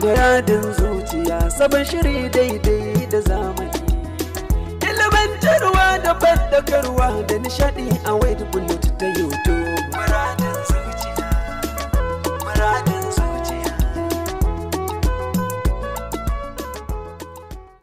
Muradin zuciya sabon shiri daidai da zamani. Ilimantarwa da bandakarwa da nishadi a wade bullet ta YouTube.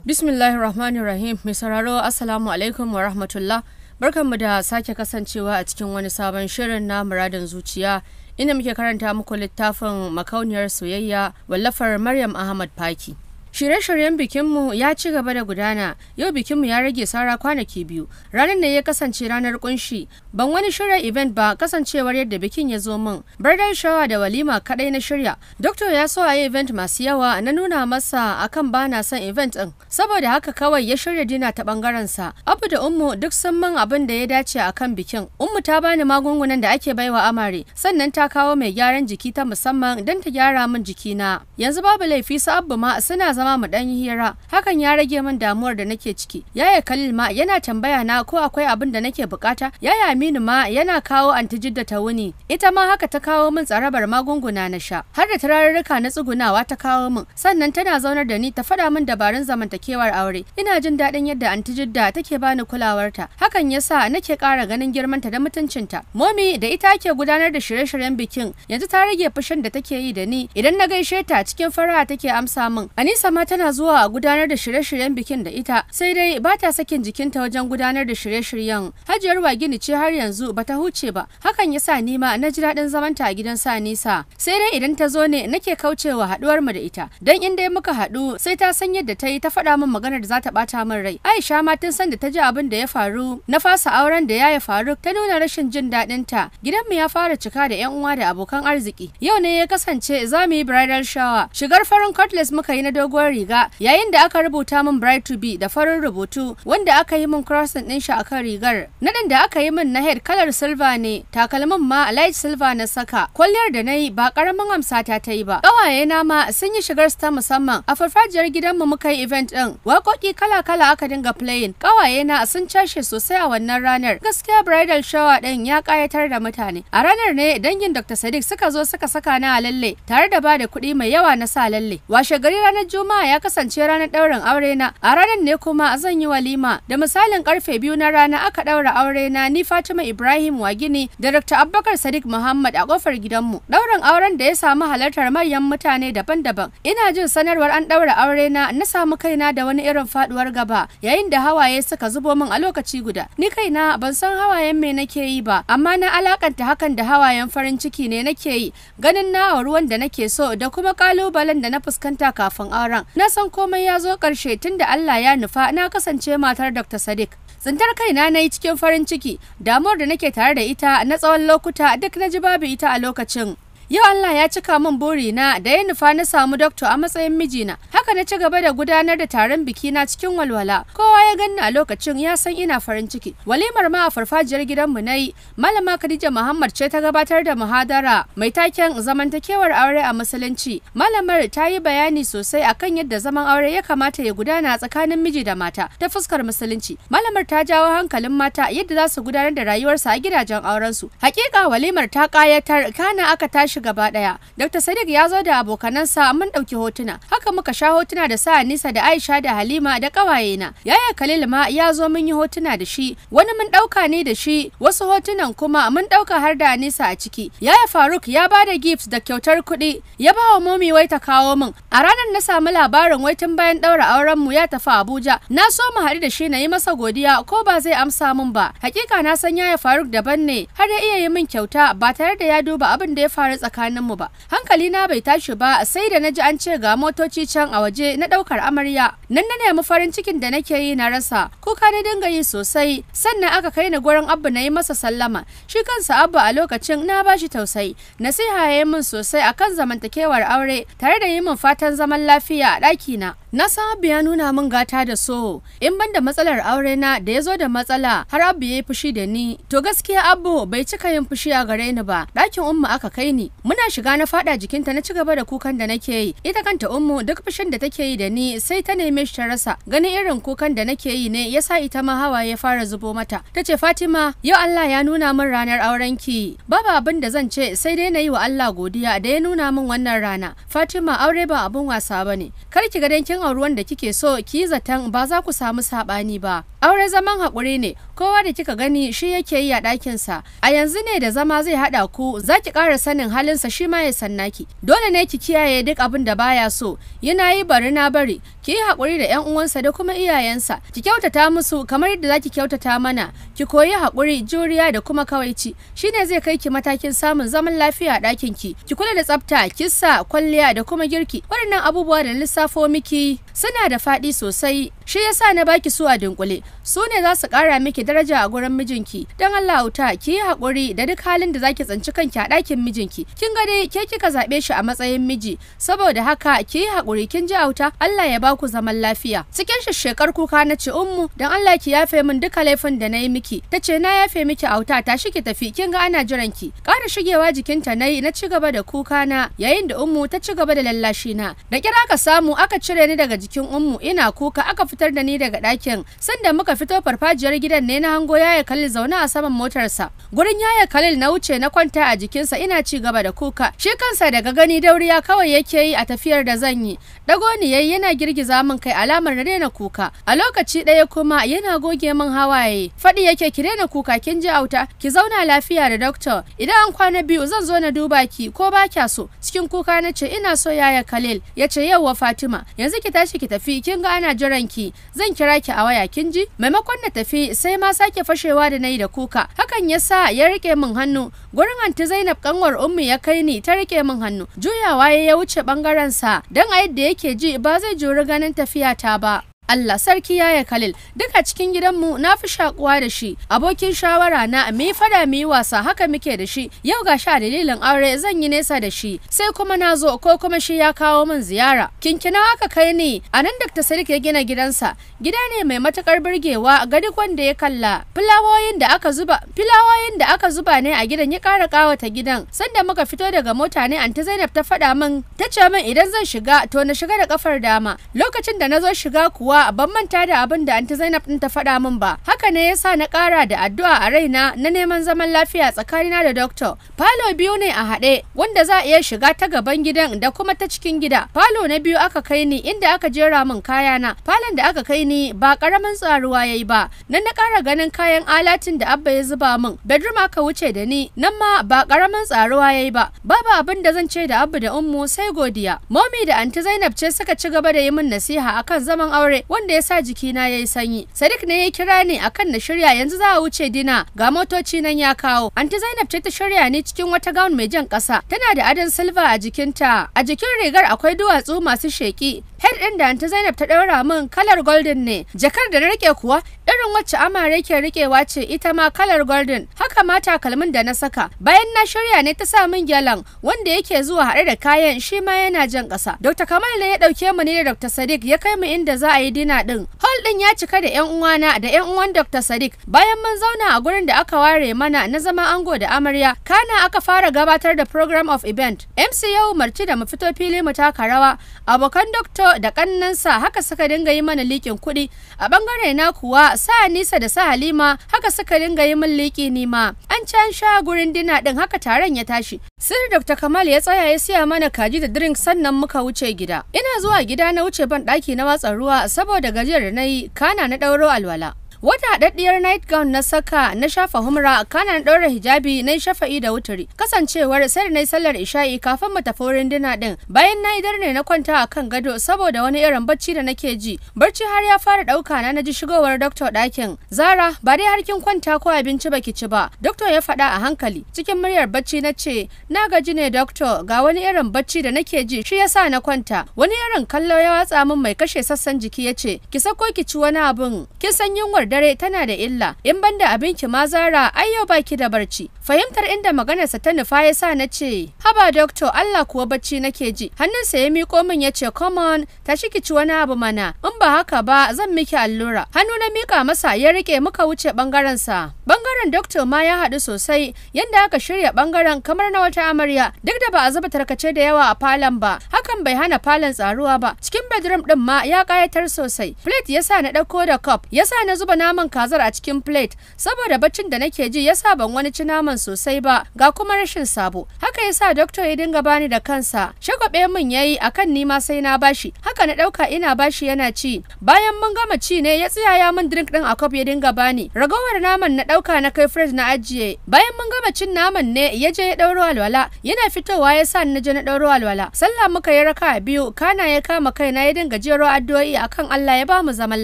Bismillahir Rahmanir Rahim, mai sauraro Assalamu alaikum wa rahmatullah. Barkanmu da sake kasancewa a cikin wani sabon shirin na muradin zuciya. inda muke karanta muku littafin makauniyar soyayya wallafar Maryam Ahmad Faki. Shirye-shiryen bikinmu ya ci gaba da gudana, yau bikinmu ya rage saura kwanaki biyu, ranar ne ya kasance ranar kunshi, ban wani shirya event ba kasancewar yadda bikin ya zo min. Birthday shawa da walima kadai na shirya. Doktor ya so a yi event masu yawa na nuna masa akan ba na son event din, saboda haka kawai ya shirya dina ta bangaren sa. Abu da Ummu duk sun min abin da ya dace akan bikin. Ummu ta bani magungunan da ake baiwa amare, sannan ta kawo mai gyaran jiki ta musamman don ta gyara min jikina. Yanzu babu laifi su abu ma suna zama zama mu dan hira hakan ya rage min damuwar da nake ciki yaya kalil ma yana tambaya na ko akwai abin da nake bukata yaya Aminu ma yana kawo anti Jidda ta wuni ita ma haka ta kawo min tsarabar magunguna na sha har da turarurruka na tsugunawa ta kawo min sannan tana zaunar da ni ta faɗa min dabarun zamantakewar aure ina jin daɗin yadda antijid da take bani kulawarta hakan yasa nake ƙara ganin girmanta da mutuncinta momi da ita ke gudanar da shirye-shiryen bikin yanzu ta rage fushin da take yi da ni idan na gaishe ta cikin fara'a take amsa min Anisa Hafsa ma tana zuwa a gudanar da shirye-shiryen bikin da ita, sai dai ba ta sakin jikinta wajen gudanar da shirye-shiryen. Hajiyar Wagini ce har yanzu ba ta huce ba, hakan ya sa ni ma na ji daɗin zamanta a gidan sa nisa. Sai dai idan ta zo ne nake kaucewa haɗuwar mu da ita, don in dai muka haɗu sai ta san yadda ta yi ta faɗa min maganar da za ta ɓata min rai. Aisha ma tun san da ta ji abin da ya faru, na fasa auren da ya ya faru, ta nuna rashin jin daɗin ta. Gidanmu ya fara cika da 'yan uwa da abokan arziki. Yau ne ya kasance za mu yi bridal shower. Shigar farin cutlass muka yi na dogo doguwar riga yayin da aka rubuta min bright to be da farin rubutu wanda aka yi min crossing din shi akan rigar naɗin da aka yi min na head color silver ne takalmin ma light silver na saka kwalliyar da na yi ba karamin amsa ta yi ba ƙawaye na ma sun yi shigar ta musamman a farfajiyar gidan mu muka yi event din waƙoƙi kala kala aka dinga playing ƙawaye na sun cashe sosai a wannan ranar gaskiya bridal shower din ya ƙayatar da mutane a ranar ne dangin dr sadiq suka zo suka saka na a lalle tare da ba da kuɗi mai yawa na sa lalle washe gari ranar juma'a kuma ya kasance ranar ɗaurin aure na a ranar ne kuma zan yi walima da misalin karfe biyu na rana aka ɗaura aure na ni Fatima Ibrahim Wagini da Dr. Abubakar Sadiq Muhammad a kofar gidanmu ɗaurin auren da ya samu halartar manyan mutane daban-daban ina jin sanarwar an ɗaura aure na na samu kaina da wani irin faduwar gaba yayin da hawaye suka zubo min a lokaci guda ni kaina ban san hawayen me nake yi ba amma na alakanta hakan da hawayen farin ciki ne nake yi ganin na ruwan da nake so da kuma kalubalen da na fuskanta kafin aure taron. Na san komai ya zo ƙarshe tun da Allah ya nufa na kasance matar Dr. Sadiq. Tsintar kaina na yi cikin farin ciki, damuwar da nake tare da ita na tsawon lokuta duk na ji babu ita a lokacin. Yau Allah ya cika min burina da ya nufa na samu doktor a matsayin mijina. Haka na ci gaba da gudanar da taron biki na cikin walwala. Kowa ya ganni a lokacin ya san ina farin ciki. Walimar ma a farfajiyar gidanmu na yi. Malama Khadija Muhammad ce ta gabatar da muhadara mai taken zamantakewar aure a musulunci. Malamar ta yi bayani sosai akan yadda zaman aure ya kamata ya gudana tsakanin miji da mata ta fuskar musulunci. Malamar ta jawo hankalin mata yadda za su gudanar da rayuwarsu a gidajen aurensu. Hakika walimar ta kayatar kana aka tashi shi gaba daya dr sadiq ya zo da abokanansa mun dauki hotuna haka muka sha hotuna da sa nisa da aisha da halima da kawaye na yaya khalil ma ya zo mun yi hotuna da shi wani mun dauka ne da shi wasu hotunan kuma mun dauka har da nisa a ciki yaya faruk ya ba da gifts da kyautar kuɗi ya ba wa momi wai ta kawo min a ranar na samu labarin wai tun bayan daura auren mu ya tafi abuja na so mu haɗu da shi na yi masa godiya ko ba zai amsa mun ba hakika na san yaya faruk daban ne har ya iya yi min kyauta ba tare da ya duba abin da ya faru tsakaninmu ba hankali na bai tashi ba sai da na ji an ce ga motoci can a waje na ɗaukar amarya nan na nemi farin cikin da nake yi na rasa kuka na dinga yi sosai sannan aka kai ni gurin abu na yi masa sallama shi kansa abu a lokacin na ba shi tausayi nasiha ya yi min sosai kan zamantakewar aure tare da yi min fatan zaman lafiya a ɗakina na san abu ya nuna min gata da so in banda matsalar aure na da ya zo da matsala har abu ya yi fushi da ni to gaskiya abu bai cika yin fushi a gare ni ba ɗakin umma aka kai ni muna shiga na fada jikinta na cigaba da kukan da nake yi ita kanta ummu duk fushin da take yi da ni sai ta neme shi ta rasa ganin irin kukan da nake yi ne yasa ita ma ya fara zubo mata tace Fatima yau Allah ya nuna min ranar aurenki babu abin da zan ce sai dai na yi wa Allah godiya da ya nuna min wannan rana Fatima aure ba abin wasa bane kar ki ga kin auri da kike so ki zaton ba za ku samu sabani ba aure zaman haƙuri ne kowa da kika gani shi yake yi a ɗakinsa a yanzu ne da zama zai haɗa ku za ki ƙara sanin halin kansa shi ma ya sanna ki dole ne ki kiyaye duk abin da baya so yana yi bari na bari ki yi haƙuri da yan uwansa da kuma iyayensa ki kyautata musu kamar yadda zaki kyautata mana ki koyi haƙuri juriya da kuma kawaici shine zai kai ki matakin samun zaman lafiya a ɗakin ki ki kula da tsafta kissa kwalliya da kuma girki waɗannan abubuwa da lissafo miki suna da faɗi sosai shi yasa na baki su a dunkule su ne za su kara miki daraja a gurin mijinki Don Allah wuta ki yi hakuri da duk halin da zaki tsanci kanki a ɗakin mijinki kin ga dai ke kika zaɓe shi a matsayin miji saboda haka ki yi hakuri kin ji auta Allah ya baku zaman lafiya cikin shekar kuka na ce ummu don Allah ki yafe min duka laifin da na yi miki ta ce na yafe miki auta ta shi ki tafi kin ga ana jiran ki ƙara shigewa jikinta na yi na ci gaba da kuka na yayin da ummu ta ci gaba da lallashi na da kira ka samu aka cire ni daga jikin ummu ina kuka aka fita fitar da ni daga ɗakin sanda muka fito farfajiyar gidan ne na hango yaya Khalil zaune a saman motarsa gurin yaya Khalil na wuce na kwanta a jikinsa ina ci gaba da kuka shi kansa daga gani dauriya kawai yake yi a tafiyar da zan yi dago ni yayi yana girgiza min kai alamar na daina kuka a lokaci ɗaya kuma yana goge min hawaye faɗi yake ki daina kuka kin ji auta ki zauna lafiya da doctor idan an kwana biyu zan zo na duba ki ko ba kya so cikin kuka na ce ina so yaya Khalil ya ce yauwa Fatima yanzu ki tashi ki tafi kin ga ana jiran ki zan kira ki a waya kin ji maimakon na tafi sai ma sake fashewa da nayi da kuka hakan yasa ya rike min hannu gurin anti Zainab kanwar ummi ya kai ni ta rike min hannu juyawa ya wuce bangaren sa dan a yadda yake ji ba zai juri ganin tafiya ta ba Allah sarki ya Khalil Duka cikin gidanmu na fi shakuwa da shi abokin shawara na me fada mu wasa haka muke da shi yau ga sha dalilin aure zan yi nesa da shi sai kuma na zo ko kuma shi ya kawo min ziyara kinkina aka kai ni a nan Dr. Sadiq ya gina gidansa gida ne mai matukar burgewa ga duk wanda ya kalla filawoyin da aka zuba filawoyin da aka zuba ne a gidan ya kara kawata gidan sanda muka fito daga mota ne anti Zainab ta faɗa min ta ce min idan zan shiga to na shiga da kafar dama lokacin da na zo shiga kuwa cewa ban manta da abin da anti Zainab din ta faɗa min ba haka ne yasa na ƙara da addu'a a raina na neman zaman lafiya tsakanina da doctor falo biyu ne a haɗe wanda za a iya shiga ta gaban gidan da kuma ta cikin gida falo na biyu aka kai ni inda aka jera min kayana falon da aka kai ni ba ƙaramin tsaruwa yayi ba nan na ƙara ganin kayan alatin da abba ya zuba min bedroom aka wuce da ni nan ma ba ƙaramin tsaruwa yayi ba babu abin da zan ce da abba da ummu sai godiya momi da anti Zainab ce suka ci gaba da yi min nasiha akan zaman aure wanda ya sa jikina ya yi sanyi sadiq ne ya kira ni akan na shirya yanzu za a wuce dina ga motoci nan ya kawo anti zainab ce ta shirya ne cikin wata gown mai jan ƙasa tana da adon silva a jikinta a jikin rigar akwai duwatsu masu sheƙi head ɗin da ta Zainab ta ɗaura min kalar golden ne jakar da na rike kuwa irin wacce amare ke rikewa ce ita ma kalar golden haka ma takalmin da na saka bayan na shirya ne ta sa min gyalan wanda yake zuwa haɗe da kayan shi ma yana jan ƙasa Dr. Kamal ne ya ɗauke mu ne da Dr. Sadiq ya kai mu inda za a yi dina ɗin hall ɗin ya cika da 'yan uwana da 'yan uwan Dr. Sadiq bayan mun zauna a gurin da aka ware mana na zama ango da amarya kana aka fara gabatar da program of event MC ya umarci da mu fito fili mu taka rawa abokan doctor da kannansa haka suka dinga yi mana likin kuɗi. A bangare na kuwa sa Nisa da sa Halima haka suka dinga yi min liki ni ma. An can sha gurin dina din haka taron ya tashi. Sir Dr. Kamal ya tsaya ya siya mana kaji da drink sannan muka wuce gida. Ina zuwa gida na wuce ban ɗaki na watsa ruwa saboda gajiyar da na yi kana na ɗauro alwala. wata haɗaɗɗiyar nightgown na saka na shafa humra kana na ɗaura hijabi na shafa'i da wuturi kasancewar sai da na yi sallar isha'i kafin mu tafi wurin dina ɗin bayan na yi ne na kwanta a kan gado saboda wani irin bacci da nake ji barci har ya fara ɗauka na na ji shigowar doctor ɗakin zara ba dai har kin kwanta ko abinci baki ci ba doctor ya faɗa a hankali cikin muryar bacci na ce na gaji ne doctor ga wani irin bacci da nake ji shi yasa na kwanta wani irin kallo ya watsa min mai kashe sassan jiki ya ce ki sako ki ci wani abin kin san yunwar dare tana da illa in banda abinki ma zara ai yau baki da barci fahimtar inda maganarsa ta nufa yasa sa na ce haba doctor Allah kuwa bacci nake ji hannunsa ya miko min ya ce come on ta shiki ci wani abu mana in ba haka ba zan miki allura hannu na miƙa masa ya rike muka wuce ɓangarensa. sa Bangaren dokta ma ya haɗu sosai yadda aka shirya bangaren kamar na wata amarya duk da ba a zuba tarkace da yawa a falon ba. Hakan bai hana falon tsaruwa ba. Cikin bedroom ɗin ma ya kayatar sosai. Plate yasa na ɗauko da cup yasa na zuba naman kazar a cikin plate saboda baccin da nake ji yasa ban wani ci naman sosai ba ga kuma rashin sabo. Haka yasa Dokto ya dinga bani da kansa. Shagwabe min yayi akan nima sai na bashi. Haka na ɗauka ina bashi yana ci. Bayan mun gama ci ne ya tsiyaya min drink ɗin a cup ya dinga bani. Ragowar naman na ɗauka na na kai fridge na ajiye bayan mun gama cin naman ne ya je ya dauro alwala yana fitowa ya sa na je na dauro alwala sallah muka yi raka biyu kana ya kama kai na ya dinga jero addu'o'i akan Allah ya ba mu zaman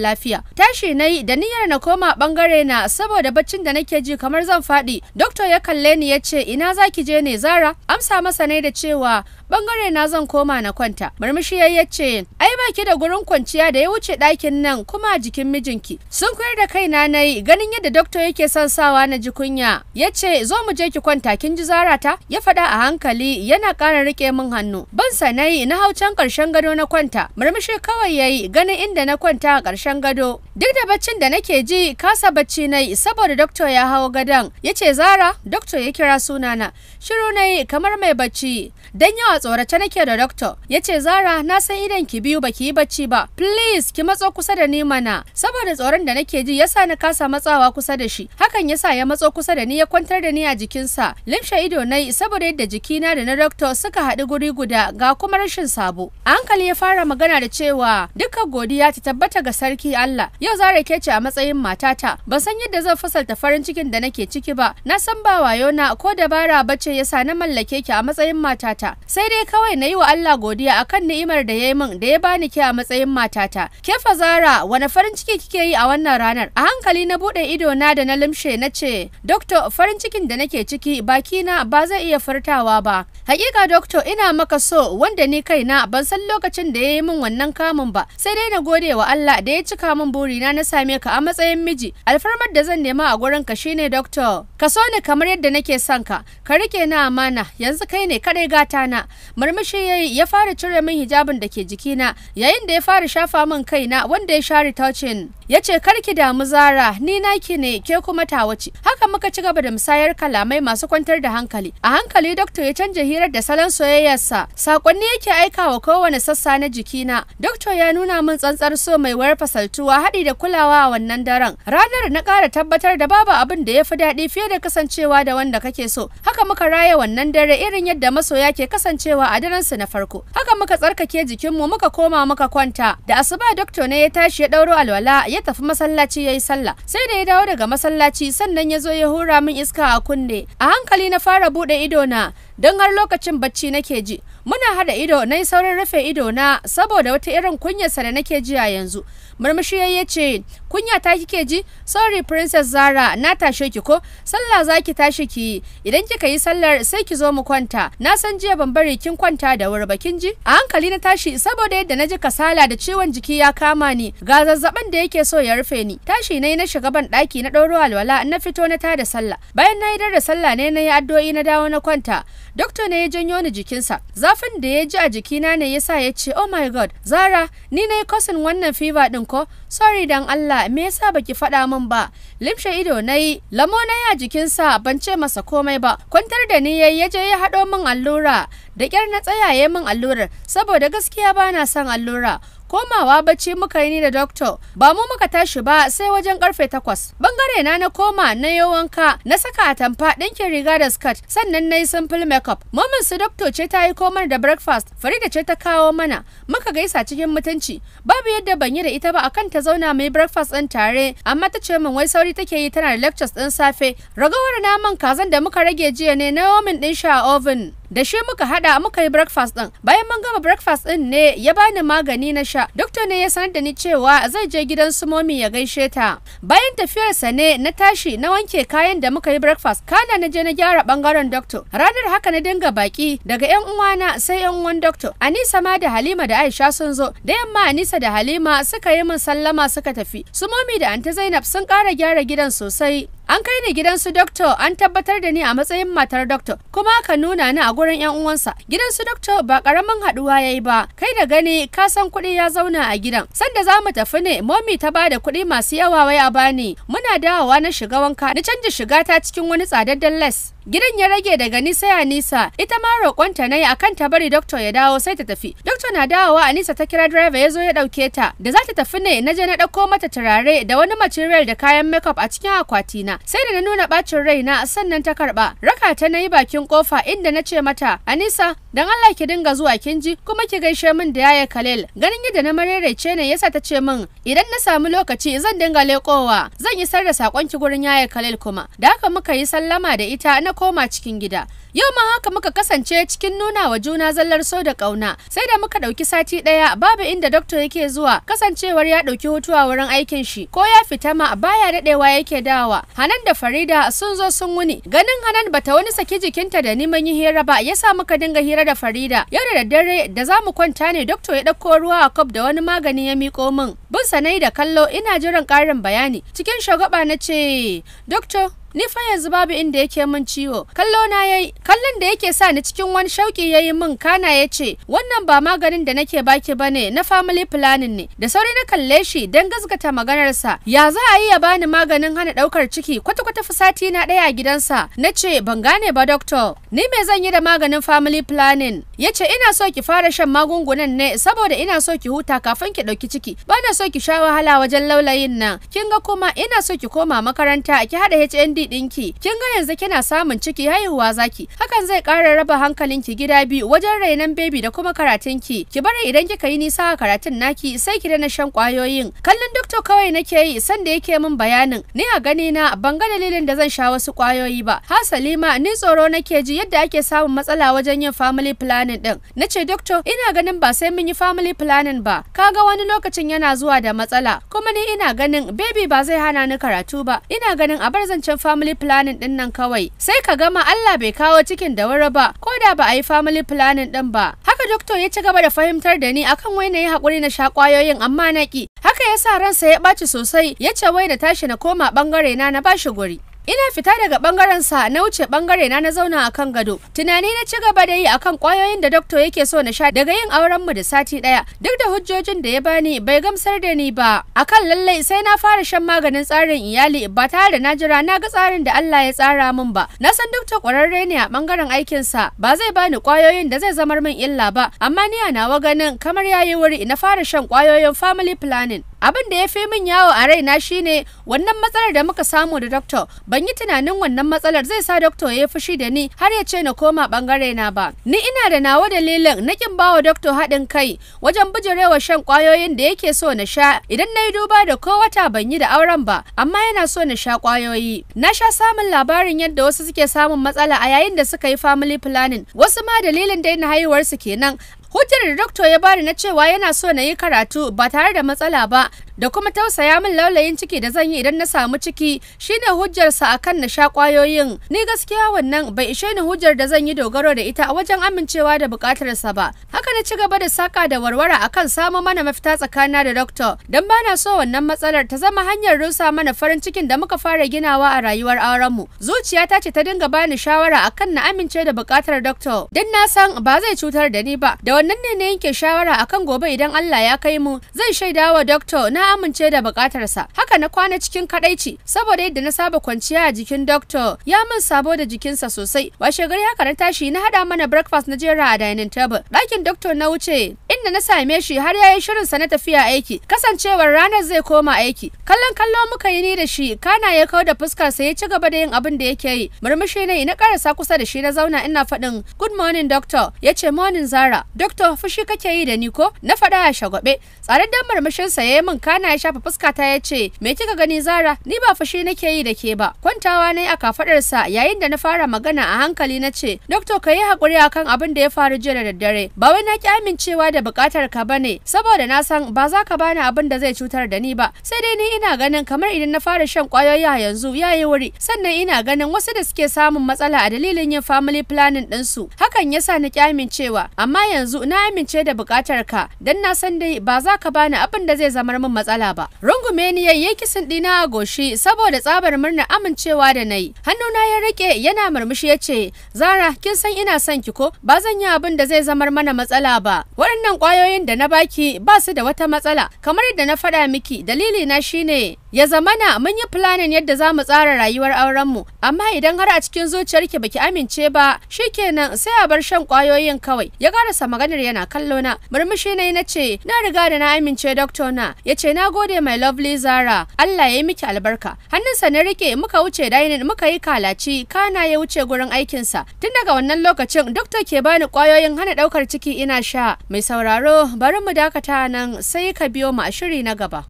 lafiya tashi na yi da niyyar na koma bangare na saboda baccin da nake ji kamar zan faɗi doctor ya kalle ni ya ce ina zaki je ne Zara amsa masa ne da cewa bangare na zan koma na kwanta murmushi ya ce ai baki da gurin kwanciya da ya wuce ɗakin nan kuma jikin mijinki sun koyar da kaina na yi ganin yadda doctor yake son sawa kulawa na ji kunya ya ce zo mu je ki kwanta kin ji zarata ya faɗa a hankali yana ƙara riƙe min hannu ban sanai na haucan can ƙarshen gado na kwanta murmushi kawai yayi ganin inda na kwanta a ƙarshen gado duk da baccin da nake ji kasa bacci nayi saboda doktor ya hawo gadon ya ce zara doktor ya kira sunana shiru nayi kamar mai bacci dan yawa tsorace nake da doktor ya ce zara na san idan ki biyu baki yi bacci ba please ki matso kusa da ni mana saboda tsoron da nake ji yasa na kasa matsawa kusa da shi hakan yasa yasa ya matso kusa da ni ya kwantar da ni a jikinsa limshe ido na yi saboda yadda jikina da na doctor suka haɗu guri guda ga kuma rashin sabo hankali ya fara magana da cewa dukkan godiya ta tabbata ga sarki Allah yau zare ke ce a matsayin matata ban san yadda zan fasalta farin cikin da nake ciki ba na san ba wayo na ko dabara bace yasa na mallake ki a matsayin matata sai dai kawai na yi wa Allah godiya akan ni'imar da ya yi min da ya bani ki a matsayin matata ke fa zara wani farin ciki kike yi a wannan ranar a hankali na buɗe ido na da na limshe na ce, Doktor farin cikin da nake ciki bakina ba zai iya furtawa ba. Hakika Doktor ina maka so wanda ni kaina ban san lokacin da ya yi min wannan kamun ba. Sai dai na gode wa Allah da ya cika min burina na same ka a matsayin miji. Alfarmar da zan nema a gurin ka shine Doktor. Ka so ni kamar yadda nake son ka. Ka rike na amana yanzu kai ne kadai gata na. Murmushi yayi ya fara cire min hijabin da ke jikina yayin da ya fara shafa min kaina wanda ya share touching. ya ce karki damu zara ni naki ne ke kuma tawaci haka muka ci gaba da musayar kalamai masu kwantar da hankali a hankali doctor ya canja hirar da salon soyayyarsa sakonni yake aika wa kowane sassa na jikina doctor ya nuna min tsantsar so mai wayar fasaltuwa haɗi da kulawa a wannan daren ranar na ƙara tabbatar da babu abin da ya fi daɗi fiye da kasancewa da wanda kake so haka muka raya wannan dare irin yadda masoya ke kasancewa a daren su na farko haka muka tsarkake jikinmu muka koma muka kwanta da asuba doctor ne ya tashi ya ɗauro alwala ya tafi masallaci ya yi sallah sai da ya dawo daga masallaci sannan ya zo ya hura min iska a kunne a hankali na fara buɗe ido na don har lokacin bacci nake ji muna hada ido na yi saurin rufe ido na saboda wata irin kunyarsa da nake ji a yanzu murmushi ya ce kunya ta kike ji sorry princess zara na tashe ki ko sallah za ki tashi ki idan kika yi sallar sai ki zo mu kwanta na san jiya ban bari kin kwanta da wuri ba kin ji a hankali na tashi saboda yadda na ji kasala da ciwon jiki ya kama ni ga zazzabin da yake so ya rufe ni tashi na na shiga ban daki na ɗauro alwala na fito na tada sallah bayan na yi da sallah ne na yi addu'o'i na dawo na kwanta Doktor ne ya janyo ni jikinsa. Zafin da ya ji a jikina ne ya sa ya ce, "Oh my God, Zara, ni na yi kosin wannan fever ɗin ko? Sorry dan Allah, me yasa baki faɗa min ba?" Limshe ido na yi, lamo na a jikinsa ban ce masa komai ba. Kwantar da ni yayi ya je ya haɗo min allura. Da ƙyar na tsaya tsayaye min allurar, saboda gaskiya ba na son allura. komawa bacci muka yi ni da doctor ba mu muka tashi ba sai wajen karfe takwas bangare na na koma na yi wanka na saka atamfa ɗinkin riga da skirt sannan na yi simple makeup mamin su doctor ce ta yi komar da breakfast farida ce ta kawo mana muka gaisa cikin mutunci babu yadda ban yi da ita ba akan ta zauna mai breakfast ɗin tare amma ta ce min wai sauri take yi tana da lectures ɗin safe ragawar naman kazan da muka rage jiya ne na omen ɗin sha oven da shi muka hada muka yi breakfast din bayan mun gama breakfast din ne ya bani magani na sha doctor ne ya sanar da ni cewa zai je gidan su momi ya gaishe ta bayan tafiyarsa ne na tashi na wanke kayan da muka yi breakfast kana na je na gyara bangaren doctor ranar haka na dinga baki daga yan uwana sai yan uwan doctor Anisa ma da Halima da Aisha sun zo da yamma Anisa da Halima suka yi min sallama suka tafi su momi da Anta Zainab sun kara gyara gidan sosai An kai ni gidan su doctor an tabbatar da ni a matsayin matar doctor kuma aka nuna ni a gurin yan uwansa. Gidan su doctor ba karamin haduwa yayi ba. Kai da gani ka san kuɗi ya zauna a gidan. Sanda za mu tafi ne mommy ta bada kuɗi masu yawa wai a bani. Muna dawowa na shiga wanka na canji shiga ta cikin wani tsadaddan les. Gidan ya rage daga nisa ya nisa, ita ma roƙonta na yi akan ta bari doktor ya dawo sai ta tafi. Doktor na dawowa a nisa ta kira driver ya zo ya ɗauke ta. Da za ta tafi ne na je na ɗauko mata turare da wani material da kayan makeup a cikin akwati na sai da na nuna bacin raina sannan ta karba raka ta yi bakin kofa inda na ce mata Anisa dan Allah ki dinga zuwa kin ji kuma ki gaishe min da yaya Khalil ganin yadda na marerece ne yasa ta ce min idan na samu lokaci zan dinga lekowa zan isar da sakon ki gurin yaya Khalil kuma da haka muka yi sallama da ita na koma cikin gida Yau ma haka muka kasance cikin nuna wa juna zallar so da ƙauna. Sai da muka ɗauki sati ɗaya babu inda doctor yake zuwa kasancewar ya ɗauki hutuwa wurin aikin shi ko ya fita ma baya daɗewa yake dawa. Hanan da Farida sun zo sun wuni. Ganin Hanan bata wani saki jikinta da neman yi hira ba yasa muka dinga hira da Farida. Yau da daddare da za mu kwanta ne doctor ya ɗauko ruwa a kwaf da wani magani ya miko min. Bun sanai da kallo ina jiran ƙarin bayani. Cikin shagaba na ce, Doctor, ni fa yanzu babu inda yake min ciwo kallo na yayi kallon da yake sa ni cikin wani shauki yayi min kana yace wannan ba maganin da nake baki bane na family planning ne da sauri na kalle shi dan gaskata maganarsa ya za a yi ya bani maganin hana daukar ciki kwata kwata fusati na daya a gidansa nace ban gane ba doctor ni me zan yi da maganin family planning yace ina so ki fara shan magungunan ne saboda ina so ki huta kafin ki dauki ciki bana so ki sha wahala wajen laulayin nan kin ga kuma ina so ki koma makaranta ki hada HND dinki ɗinki kin ga yanzu kina samun ciki haihuwa zaki hakan zai ƙara raba hankalinki gida biyu wajen rainon Baby da kuma karatunki ki bari idan kika yi nisa a karatun naki sai ki na shan kwayoyin. kallon doctor kawai nake yi da yake min bayanin ni a gani na ban ga dalilin da zan sha wasu kwayoyi ba Ha Salima, ni tsoro nake ji yadda ake samun matsala wajen yin family planning din nace doctor ina ganin ba sai mun yi family planning ba kaga wani lokacin yana zuwa da matsala kuma ni ina ganin baby ba zai hana ni karatu ba ina ganin a bar zancen family planning din nan kawai sai ka gama Allah bai kawo cikin da wuri ba ko da ba a yi family planning din ba haka doctor ya ci gaba da fahimtar da ni akan wai na yi hakuri na sha kwayoyin amma na ki haka ya sa ransa ya ɓaci sosai ya ce wai da tashi na koma bangare na na shi guri Ina fita daga bangaren sa na wuce bangare na na zauna akan gado. Tunani na ci gaba da yi akan kwayoyin da doktor yake so na sha daga yin auren mu da sati daya. Duk da hujjojin da ya bani bai gamsar da ni ba. Akan lallai sai na fara shan maganin tsarin iyali ba tare da na jira na ga tsarin da Allah ya tsara min ba. Na san doktor kwararre ne a bangaren aikin sa. Ba zai bani kwayoyin da zai zamar min illa ba. Amma ni a nawa ganin kamar yayi wuri na fara shan kwayoyin family planning. abin da ya fi min yawo a raina shine wannan matsalar da muka samu da doctor ban yi tunanin wannan matsalar zai sa doctor ya fushi da ni har ya ce na koma bangare na ba ni ina da nawa dalilin na kin bawa doctor haɗin kai wajen bijirewa shan kwayoyin da yake so na sha idan na yi duba da ko wata ban yi da auren ba amma yana so na sha kwayoyi na sha samun labarin yadda wasu suke samun matsala a yayin da suka yi family planning wasu ma dalilin daina haihuwarsu kenan hujjar da ya bani na cewa yana so na yi karatu ba tare da matsala ba da kuma tausaya min laulayin ciki da zan yi idan na samu ciki shine hujjarsa akan na sha kwayoyin ni gaskiya wannan bai ishe ni hujjar da zan yi dogaro da ita a wajen amincewa da bukatarsa ba haka na ci gaba da saka da warwara akan samu mana mafita tsakana da doctor dan bana so wannan matsalar ta zama hanyar rusa mana farin cikin da muka fara ginawa a rayuwar aurenmu zuciyata ce ta dinga bani shawara akan na amince da bukatar doctor dan na san ba zai cutar da ni ba wannan ne na yanke shawara akan gobe idan Allah ya kai mu zai shaida wa doctor na amince da bukatarsa haka na kwana cikin kadaici saboda yadda na saba kwanciya a jikin doctor ya min sabo da jikinsa sosai washe gari haka na tashi na hada mana breakfast na jera a dining table ɗakin doctor na wuce da na same shi har ya yi shirin sa na tafiya aiki kasancewar ranar zai koma aiki kallon kallo muka yi ni da shi kana ya kawo da fuskar sa ya ci gaba da yin abin da yake yi murmushi ne na karasa kusa da shi na zauna ina faɗin good morning doctor ya ce morning zara doctor fushi kake yi da ni ko na faɗa a shagwabe tsare dan murmushin sa ya yi min kana ya shafa fuskata ya ce me kika gani zara ni ba fushi nake yi da ke ba kwantawa ne a kafadar sa yayin da na fara magana a hankali na ce doctor ka yi hakuri akan abin da ya faru jiya da daddare ba wai na ki amincewa da buƙatar ka bane saboda na san ba za ka bani abin da zai cutar da ni ba sai dai ni ina ganin kamar idan na fara shan kwayoyi a yanzu ya yi wuri sannan ina ganin wasu da suke samun matsala a dalilin yin family planning su hakan yasa na ki amincewa amma yanzu na amince da buƙatar ka dan na san dai ba za ka bani abin da zai zamar min matsala ba rungume ni yayye kisan ɗina a goshi saboda tsabar murnar amincewa da nayi hannuna ya rike yana murmushi ya ce zara kin san ina son ki ko ba zan yi abin da zai zamar mana matsala ba waɗannan kwayoyin da na baki ba su da wata matsala kamar yadda na faɗa miki dalili na shine ya zamana mun yi planin yadda za mu tsara rayuwar aurenmu amma idan har a cikin zuciyarki baki amince ba shikenan sai a bar shan kwayoyin kawai ya karasa maganar yana kallo na murmushi ne na ce na riga da na amince doctor na ya ce na gode my lovely zara Allah ya yi miki albarka hannunsa na rike muka wuce dining muka yi kalaci kana ya wuce gurin aikinsa tun daga wannan lokacin doctor ke bani kwayoyin hana daukar ciki ina sha mai sauraro bari mu dakata nan sai ka biyo mu a shiri na gaba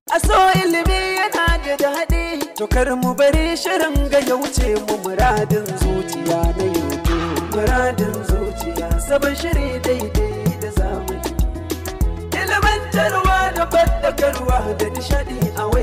ilimi yana yana da daɗi to kar mu bari shirin ga ya wuce mu muradin zuciya na yau muradin zuciya sabon shiri daidai da zamani ilimantarwa da fadakarwa da nishaɗi a